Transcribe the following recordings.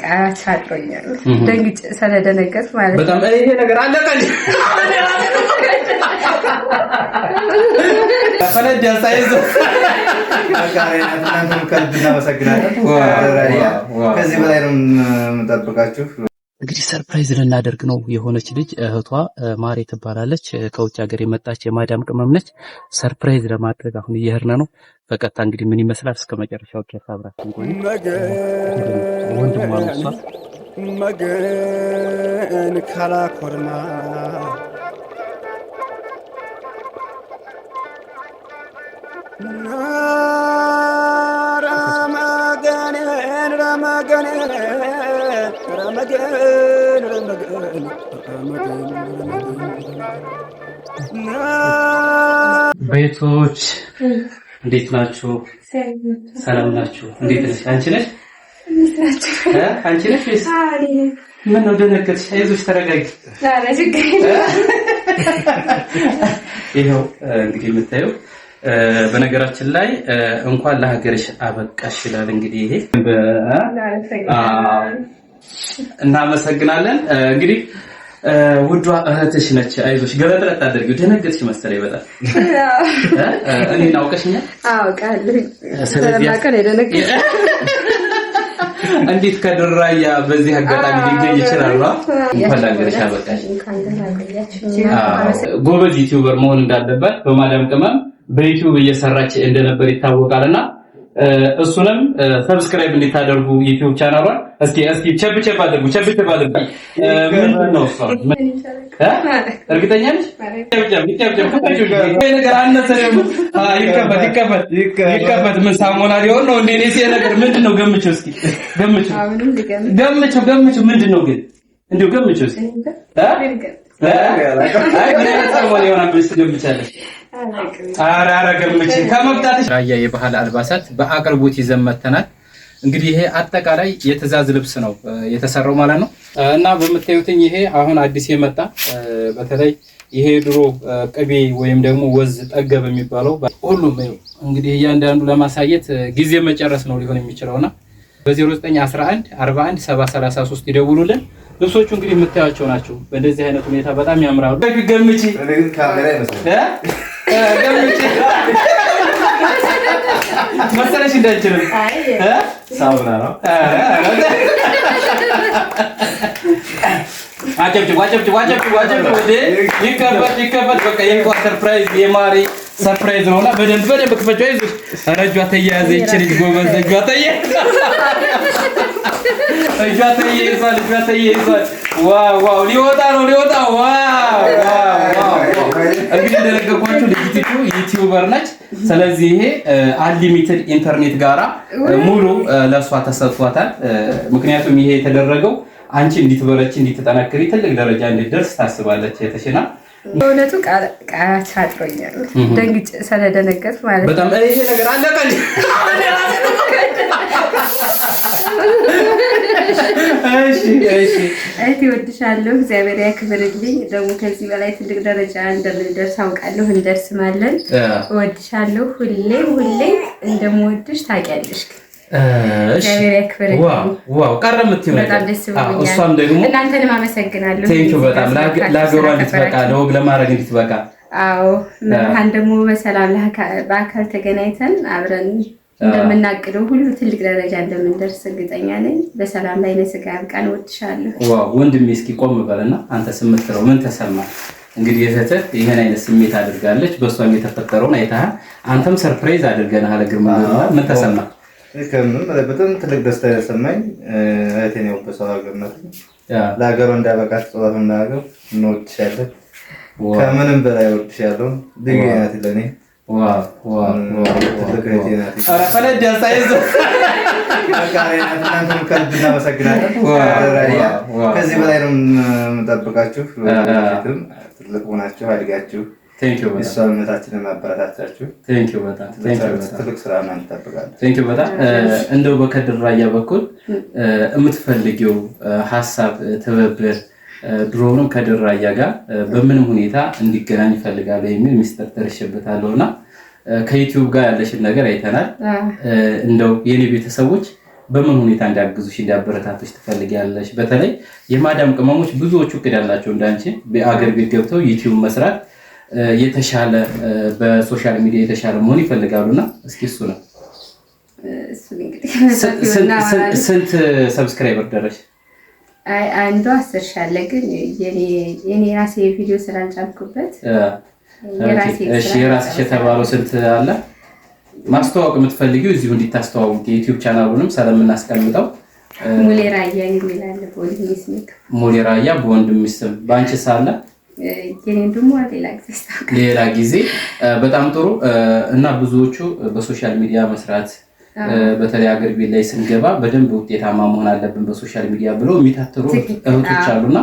ቃላት አጥሮኛል። ደንግጬ ስለደነገጥ ማለት ነው። ይሄ ነገር አለቀ። ፈለድ ያሳይዘ ከልብ እናመሰግናለን። ከዚህ በላይ ነው የምንጠብቃችሁ። እንግዲህ ሰርፕራይዝ ልናደርግ ነው። የሆነች ልጅ እህቷ ማሬ ትባላለች። ከውጭ ሀገር የመጣች የማዳም ቅመም ነች። ሰርፕራይዝ ለማድረግ አሁን እየሄድን ነው። በቀጥታ እንግዲህ ምን ይመስላል እስከ መጨረሻው ድረስ አብራችን ቆይ። ወንድሟ መገን ረመገን ረመገን ቤቶች እንዴት ናችሁ? ሰላም ናችሁ? እንዴት ነሽ? አንቺ ነሽ አንቺ ነሽ ምን ነው ደነገጥሽ? አይዞሽ፣ ተረጋጊ። ይኸው እንግዲህ የምታየው በነገራችን ላይ እንኳን ለሀገርሽ አበቃሽ ይላል። እንግዲህ ይሄ እናመሰግናለን። እንግዲህ ውዷ እህትሽ ነች። አይዞሽ፣ ገበጥረት አድርጊ። ደነገጥሽ መሰለኝ በጣም እኔ አውቀሽኛል። አውቃለሁ። እንዴት ከድራያ በዚህ አጋጣሚ ሊገኝ ይችላል። እንኳን ለሀገርሽ አበቃሽ። ጎበዝ ዩቲዩበር መሆን እንዳለበት በማዳም ቅመም በዩቲዩብ እየሰራች እንደነበር ይታወቃልና እሱንም ሰብስክራይብ እንድታደርጉ ዩቲዩብ ቻናሏን እስኪ እስኪ ቸብ ቸብ አድርጉ። ቸብ ቸብ አድርጉ። ምንድን ነው እርግጠኛ ነገር አነሰ ይከፈት ይከፈት ይከፈት። ምን ሊሆን ነው እንዴ? እኔ ነገር ምንድን ነው እስኪ ገምቼው ገምቼው ምንድን ነው ግን እስኪ ራያ የባህል አልባሳት በአቅርቦት ይዘን መጥተናል። እንግዲህ ይሄ አጠቃላይ የትዕዛዝ ልብስ ነው የተሰራው ማለት ነው እና በምታዩትኝ ይሄ አሁን አዲስ የመጣ በተለይ ይሄ ድሮ ቅቤ ወይም ደግሞ ወዝ ጠገብ የሚባለው ሁሉም እንግዲህ እያንዳንዱ ለማሳየት ጊዜ መጨረስ ነው ሊሆን የሚችለውና በ0911 41 ይደውሉልን። ልብሶቹ እንግዲህ የምታያቸው ናቸው። በእንደዚህ አይነት ሁኔታ በጣም ያምራሉ። ገምጪ መሰለሽ እንዳንችልም ሳሙና ነው። አጨብጭቡ አጨብጭቡ አጨብጭቡ አጨብጭቡ። ይከፈት ይከፈት። በቃ ሰርፕራይዝ የማሪ ሰርፕራይዝ በደንብ በደንብ ይዙ ረጇ ተያያዘ። ይችልጅ ጎበዝ እጇ ተያያዘ እጇ ተይዟል፣ እጇ ተይዟል። ዋው ዋው! ሊወጣ ነው፣ ሊወጣ ዋው ዋው! እንግዲህ እንደነገርኳችሁ ልጅቱ ዩቲዩበር ነች። ስለዚህ ይሄ አንሊሚትድ ኢንተርኔት ጋራ ሙሉ ለእሷ ተሰጥቷታል። ምክንያቱም ይሄ የተደረገው አንቺ እንዲትበረች እንዲትጠናክሪ ትልቅ ደረጃ እንድትደርስ ታስባለች የተሽና በእውነቱ ቃላት አጥሮኛል። ስለደነገጥ ማለት በጣም ይሄ ነገር አለቀልኝ እህቴ እወድሻለሁ። እግዚአብሔር ያክብርልኝ። ደግሞ ከዚህ በላይ ትልቅ ደረጃ እንደምንደርስ አውቃለሁ። እንደርስማለን። እወድሻለሁ። ሁሌም ሁሌም እንደምወድሽ ታውቂያለሽ። ዋው ቀረ የምትይው እሷም ደግሞ እናንተንም አመሰግናለሁ። በጣም ለሀገሯ እንድትበቃ ለወግ ለማድረግ እንድትበቃ። አዎ መርሃን ደግሞ በሰላም በአካል ተገናኝተን አብረን እንደምናቅደው ሁሉ ትልቅ ደረጃ እንደምንደርስ እርግጠኛ ነኝ። በሰላም ላይ ነስጋ ያብቃን። እወድሻለሁ። ዋው ወንድሜ፣ እስኪ ቆም በልና አንተ ስምትለው ምን ተሰማ? እንግዲህ እህትህ ይህን አይነት ስሜት አድርጋለች። በእሷም የተፈጠረውን አይተሃል። አንተም ሰርፕራይዝ አድርገናል። ግርማ ምን ተሰማ? በጣም ትልቅ ደስታ ያሰማኝ እህቴን ያው በሰው ሀገር ናት። ለሀገሯ እንዳበቃት ጽዋት እናገር። እንወድሻለን ከምንም በላይ ወድሻለሁ። ድግ ናት ለእኔ እናመሰግናለን። ከዚህ በላይ ነው የምንጠብቃችሁ። ትልቅ ሆናችሁ አድጋችሁ እምነታችንን ማበረታታችሁ ትልቅ ስራ በጣም እንደው በከድር ራያ በኩል የምትፈልጊው ሀሳብ ትብብር ድሮውንም ከድራያ ጋር በምንም ሁኔታ እንዲገናኝ ይፈልጋለሁ የሚል ሚስጥር ተርሼበታለሁ እና ከዩቲዩብ ጋር ያለሽን ነገር አይተናል። እንደው የኔ ቤተሰቦች በምን ሁኔታ እንዲያግዙሽ እንዲያበረታቶች ትፈልጊያለሽ? በተለይ የማዳም ቅመሞች ብዙዎቹ እቅድ ያላቸው እንዳንቺ በአገር ቤት ገብተው ዩቲዩብ መስራት የተሻለ በሶሻል ሚዲያ የተሻለ መሆን ይፈልጋሉና እስኪ እሱ ነው ስንት ሰብስክራይበር ደረሽ? አንዱ አስር ሺህ አለ። ግን የኔ ራሴ ቪዲዮ ስላልጫልኩበት የራስሽ የተባለው ስንት አለ? ማስተዋወቅ የምትፈልጊው እዚሁ እንዲታስተዋውቅ የዩቲዩብ ቻናሉንም ስለምናስቀምጠው ሙሌ ራያ የሚል አለ። በወንድሜ ስም ሙሌ ራያ በወንድሜ ስም በአንቺ ሳለ ሌላ ጊዜ። በጣም ጥሩ እና ብዙዎቹ በሶሻል ሚዲያ መስራት በተለይ አገር ቤት ላይ ስንገባ በደንብ ውጤታማ መሆን አለብን በሶሻል ሚዲያ ብለው የሚታትሩ እህቶች አሉና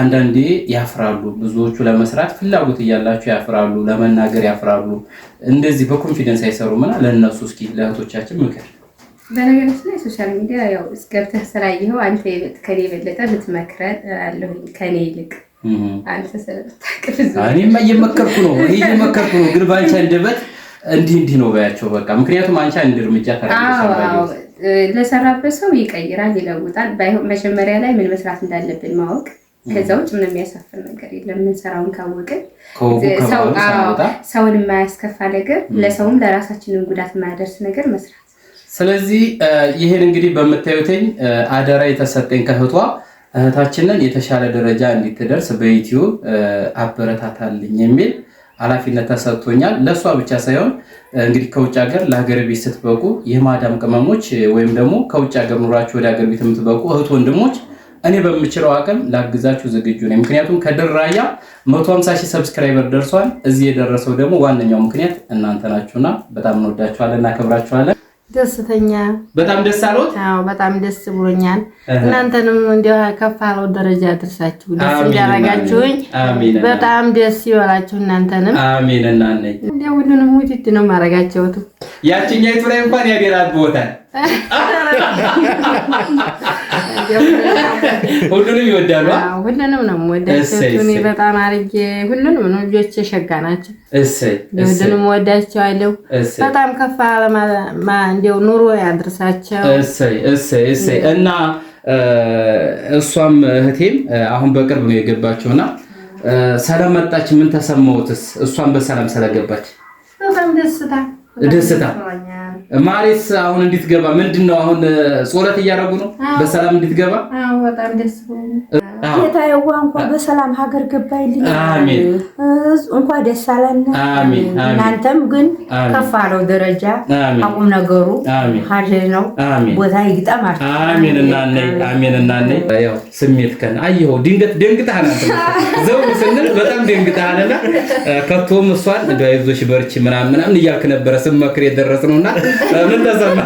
አንዳንዴ ያፍራሉ። ብዙዎቹ ለመስራት ፍላጎት እያላቸው ያፍራሉ፣ ለመናገር ያፍራሉ። እንደዚህ በኮንፊደንስ አይሰሩምና ለእነሱ እስኪ ለእህቶቻችን ምክር። በነገሮች ላይ ሶሻል ሚዲያ ያው ገብተህ ስራ ይኸው አንተ ከኔ የበለጠ ብትመክረን አለሁኝ ከኔ ይልቅ አንተ እኔማ እየመከርኩ ነው እየመከርኩ ነው ግን ባንቺ አንደበት እንዲህ እንዲህ ነው በያቸው በቃ። ምክንያቱም አንቺ አንድ እርምጃ ለሰራበት ሰው ይቀይራል፣ ይለውጣል። መጀመሪያ ላይ ምን መስራት እንዳለብን ማወቅ ከዛ ውጭ ምንም የሚያሳፍር ነገር የለም። የምንሰራውን ካወቅን ሰውን የማያስከፋ ነገር፣ ለሰውም ለራሳችንን ጉዳት የማያደርስ ነገር መስራት። ስለዚህ ይሄን እንግዲህ በምታዩትኝ አደራ የተሰጠኝ ከእህቷ እህታችንን የተሻለ ደረጃ እንድትደርስ በዩቲዩብ አበረታታልኝ የሚል ኃላፊነት ተሰጥቶኛል። ለእሷ ብቻ ሳይሆን እንግዲህ ከውጭ ሀገር ለሀገር ቤት ስትበቁ የማዳም ቅመሞች ወይም ደግሞ ከውጭ ሀገር ኑራችሁ ወደ ሀገር ቤት የምትበቁ እህት ወንድሞች እኔ በምችለው አቅም ላግዛችሁ ዝግጁ ነኝ። ምክንያቱም ከድራያ 150 ሺህ ሰብስክራይበር ደርሷል። እዚህ የደረሰው ደግሞ ዋነኛው ምክንያት እናንተ ናችሁና በጣም እንወዳችኋለን፣ እናከብራችኋለን። ደስተኛ በጣም ደስ አለዎት? አዎ በጣም ደስ ብሎኛል። እናንተንም እንዲያው ከፍ አለው ደረጃ አድርሳችሁ ደስ እንዳደረጋችሁኝ በጣም ደስ ይበላችሁ። እናንተንም አሜን። እናነኝ እንዲያው ሁሉንም ውይይት ነው ማረጋቸው። ያችኛይቱ ላይ እንኳን ያገራት ቦታ ሁሉንም ይወዳሉ። ሁሉንም ነው ወዳቸው። በጣም አርጌ ሁሉንም ነው ልጆች ሸጋ ናቸው። ሁሉንም ወዳቸዋለሁ። በጣም ከፍ እንዲያው ኑሮ ያድርሳቸው። እና እሷም እህቴም አሁን በቅርብ ነው የገባቸው ሰላም ስለመጣች ምን ተሰማውትስ? እሷም በሰላም ስለገባች በጣም ደስታ ደስታ ማሬስ አሁን እንድትገባ ምንድን ነው አሁን ጾለት እያደረጉ ነው፣ በሰላም እንድትገባ። አዎ በጣም ደስ ብሎኛል። ጌታዬ እንኳን በሰላም ሀገር ገባይልኝ። አሜን። እንኳን ደስ አለን። አሜን። እናንተም ግን ከፍ አለው ደረጃ አቁም ነገሩ ሀገር ነው ቦታ ይግጠማል። አሜን። እናኔ አሜን። እናኔ ያው ስሜት ከን አየሁ። ድንገት ደንግጣና ዘው ስንል በጣም ደንግጣና ከቶም እሷን እንደው አይዞሽ በርቺ ምናምን ምናምን እያልክ ነበረ ስመክር የደረስነውና ለምን እንደሰማ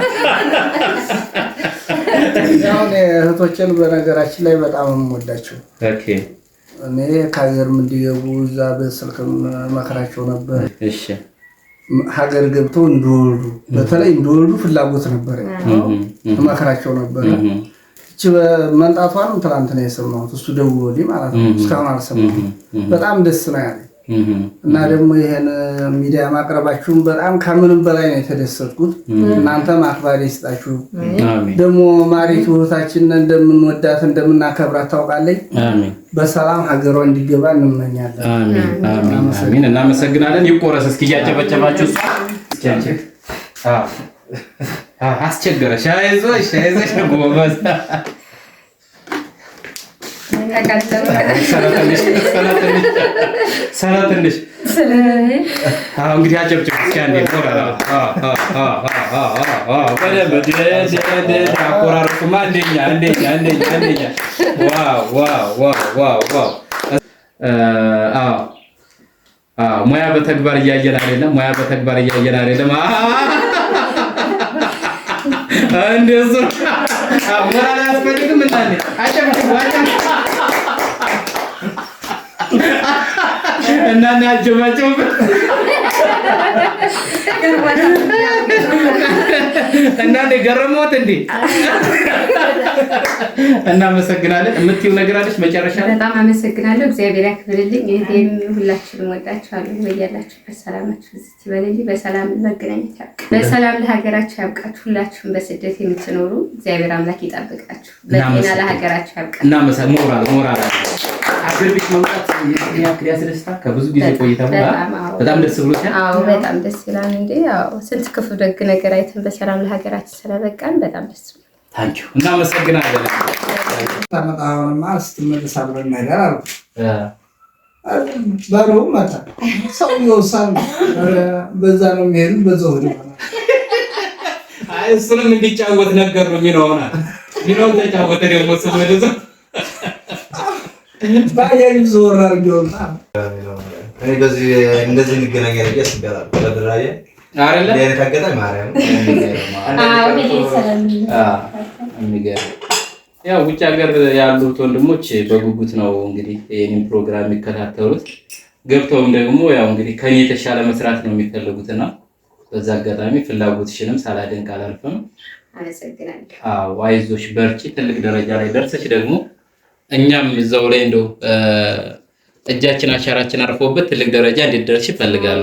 አሁን እህቶችን በነገራችን ላይ በጣም የምወዳቸው እኔ ከሀገርም እንዲገቡ እዛ በስልክ መክራቸው ነበር። ሀገር ገብተው እንዲወልዱ በተለይ እንዲወልዱ ፍላጎት ነበር፣ መክራቸው ነበር። እቺ በመምጣቷንም ትናንትና የሰማሁት እሱ ደውሎልኝ ማለት ነው። እስካሁን አልሰማሁም። በጣም ደስ ነው ያለኝ እና ደግሞ ይሄን ሚዲያ ማቅረባችሁን በጣም ከምንም በላይ ነው የተደሰትኩት። እናንተም አክባሪ ይስጣችሁ። ደግሞ ማሪቱ እህታችን እንደምንወዳት እንደምናከብራት ታውቃለች። በሰላም ሀገሯ እንዲገባ እንመኛለን። እናመሰግናለን። ይቆረስ። እስኪ እያጨበጨባችሁ አስቸገረሽ። አይዞሽ፣ አይዞሽ ጎበዝ ሰላትንሽ እንግዲህ አጨብጭ አቆራረጡማ አንደኛ አንደኛ አንደኛ። ሙያ በተግባር እያየን አይደለም። ሙያ በተግባር እያየን አይደለም። እንደሱ ሞራል አያስፈልግም። እናና ያጀባጀብ እና እንዴ? እናመሰግናለን። የምትይው ነገር አለች መጨረሻ? በጣም አመሰግናለሁ። እግዚአብሔር ያክብርልኝ። ይህም ሁላችንም ወዳችኋለሁ። በያላችሁበት ሰላማችሁ ዝት ይበልልኝ። በሰላም መገናኘት ያብቃ። በሰላም ለሀገራችሁ ያብቃችሁ። ሁላችሁም በስደት የምትኖሩ እግዚአብሔር አምላክ ይጠብቃችሁ። በጤና ለሀገራችሁ ያብቃ። ሞራል ሞራል አስር ቤት መምጣት ያክል ያስደስታ ከብዙ ጊዜ ቆይታ በጣም ደስ ብሎሻል? አዎ በጣም ደስ ይላል። እንዴ ስንት ክፉ ደግ ነገር አይተን በሰላም ለሀገራችን ስለበቃን በጣም ደስ ብሎ ታንኪ እናመሰግናለን። ታመጣሁንማ ስትመለስ አብረን ነገር አሉ ባዶ መጣ ሰው ይወሳል። በዛ ነው የሚሄዱ በዛ ወደ እሱንም እንዲጫወት ነገር ነው የሚኖሆናል ሚኖ ተጫወተ ደግሞ ስመደሰ ያው ውጭ ሀገር ያሉት ወንድሞች በጉጉት ነው እንግዲህ ይህንን ፕሮግራም የሚከታተሉት። ገብተውም ደግሞ ያው እንግዲህ ከኔ የተሻለ መስራት ነው የሚፈልጉትና በዛ አጋጣሚ ፍላጎትሽንም ሳላደንቅ አላልፍም። አመሰግናለሁ። አይዞሽ፣ በርቺ። ትልቅ ደረጃ ላይ ደርሰሽ ደግሞ እኛም እዛው ላይ እንደው እጃችን አሻራችን አርፎበት ትልቅ ደረጃ እንዲደርስ ይፈልጋሉ።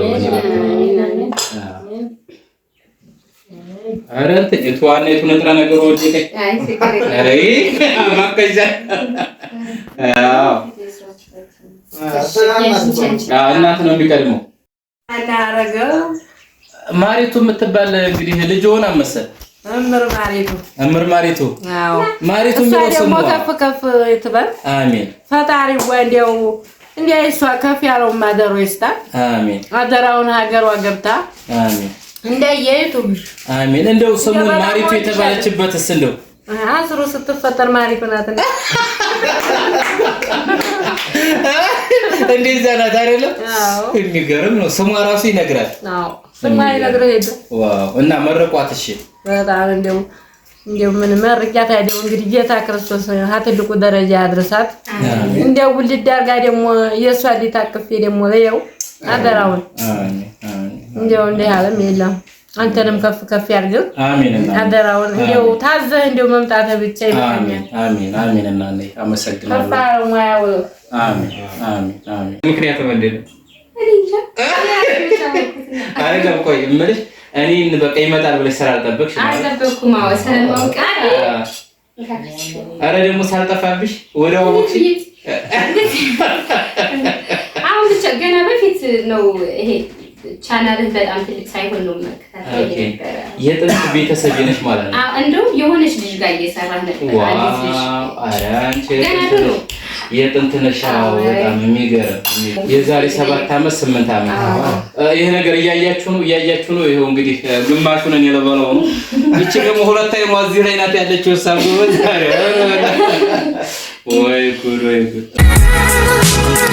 ኧረ እንትን የተዋና የቱ ንጥረ ነገር ወደቀኝ። ኧረ ማከዛ እናት ነው የሚቀድመው። ማሪቱ የምትባል እንግዲህ ልጅ ሆና መሰል እምር ማሪቱ እምር ማሪቱ አዎ ማሪቱ ደግሞ ከፍ ከፍ ትበል። አሜን። ፈጣሪ እንዲያው እንዲያ እሷ ከፍ ያለው ማደሮ ይስታ። አሜን። አደራውን ሀገሯ ገብታ አሜን። እንዳየይቱ አሜን። እንደው ስሙን ማሪቱ የተባለችበትስ እንደው አስሩ ስትፈጠር ማሪቱ ናት እንደዛ ናት አይደለም? የሚገርም ነው። ስሟ ራሱ ይነግራል። አዎ ስሟ ይነግረህ እና መረቋት እሺ በጣም እንደው እንደው ምን መርቂያት አይደው እንግዲህ ጌታ ክርስቶስ ትልቁ ደረጃ ያድርሳት። እንደው ውልድ አድርጋ ደግሞ የእሷ አቅፌ ደግሞ ለየው አደራውን እንደው እንደ ያለም የለም አንተንም ከፍ ከፍ ያድርግም። አደራውን እንደው ታዘህ እንደው መምጣት ብቻ ይባኛል። አሜን አሜን። እኔን በቃ ይመጣል ብለሽ ስላልጠበቅሽ አልጠበቅኩም። አዎ ስለማውቅ ኧረ ደግሞ ሳልጠፋብሽ ወደ ገና በፊት ነው ይሄ ቻናልህ በጣም ትልቅ ሳይሆን ነው መከታተል የነበረ የጥንት ቤተሰብ ነሽ ማለት ነው። እንደውም የሆነች ልጅ ጋር እየሰራህ ነበር። ገና ነው የጥንትነሻ በጣም የሚገርም የዛሬ ሰባት ዓመት ስምንት ዓመት ይሄ ነገር እያያችሁ ነው እያያችሁ ነው። ይኸው እንግዲህ ግማሹን እኔ ልበለው ነው። ይቺ ደግሞ ሁለታዊ ማዚ እዚህ ላይ ናት ያለችው። ሳጉበት ወይ ጉድ ወይ ጉድ